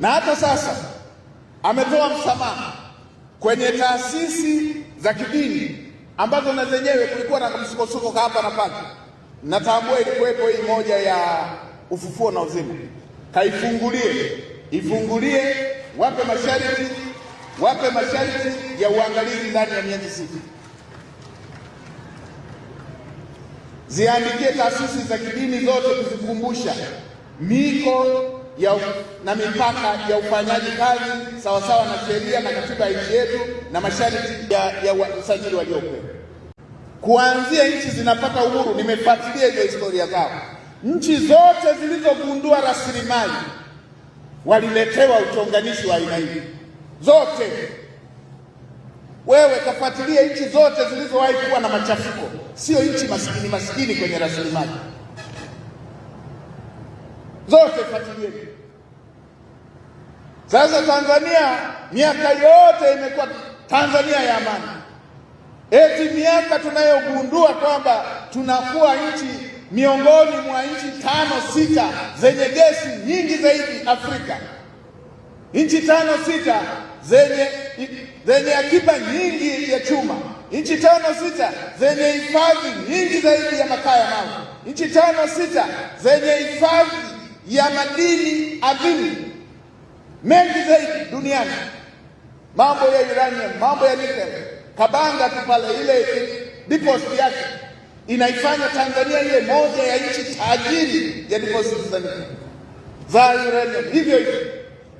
na hata sasa ametoa msamaha kwenye taasisi za kidini ambazo na zenyewe kulikuwa na msukosuko hapa na pale. Natambua ilikuwepo hii moja ya ufufuo na uzima, kaifungulie, ifungulie, wape masharti, wape masharti ya uangalizi ndani ya miezi sita. Ziandikie taasisi za kidini zote kuzikumbusha miko ya na mipaka ya ufanyaji kazi sawasawa na sheria na katiba ya nchi yetu na masharti ya usajili waliopewa. Kuanzia nchi zinapata uhuru, nimefuatilia hizo historia zao. Nchi zote zilizogundua rasilimali waliletewa uchonganishi wa aina hii. Zote wewe kafuatilia nchi zote zilizowahi kuwa na machafuko, sio nchi maskini maskini kwenye rasilimali zote fatilieni. Sasa Tanzania miaka yote imekuwa Tanzania ya amani, eti miaka tunayogundua kwamba tunakuwa nchi miongoni mwa nchi tano sita zenye gesi nyingi zaidi Afrika, nchi tano sita zenye zenye akiba nyingi ya chuma, nchi tano sita zenye hifadhi nyingi zaidi ya makaa ya mawe, nchi tano sita zenye hifadhi ya madini adhimu mengi zaidi duniani, mambo ya uranium, mambo ya nickel. Kabanga tu pale ile deposit yake inaifanya Tanzania ile moja ya nchi tajiri ya deposit za nickel za uranium. Hivyo hivyo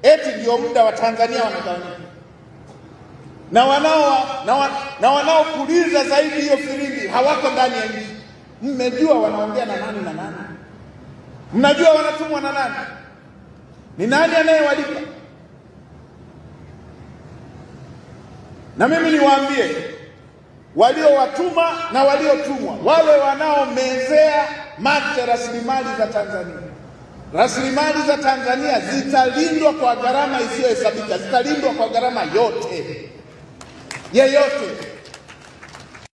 eti ndio muda wa Tanzania wanatawanyika na wanao na wanaopuliza zaidi hiyo firimbi hawako ndani ya nchi. Mmejua wanaongea na nani na nani? Mnajua wanatumwa na nani? Ni nani anayewalipa? Na mimi niwaambie waliowatuma na waliotumwa, wale wanaomezea mate rasilimali za Tanzania. Rasilimali za Tanzania zitalindwa kwa gharama isiyohesabika, zitalindwa kwa gharama yote yeyote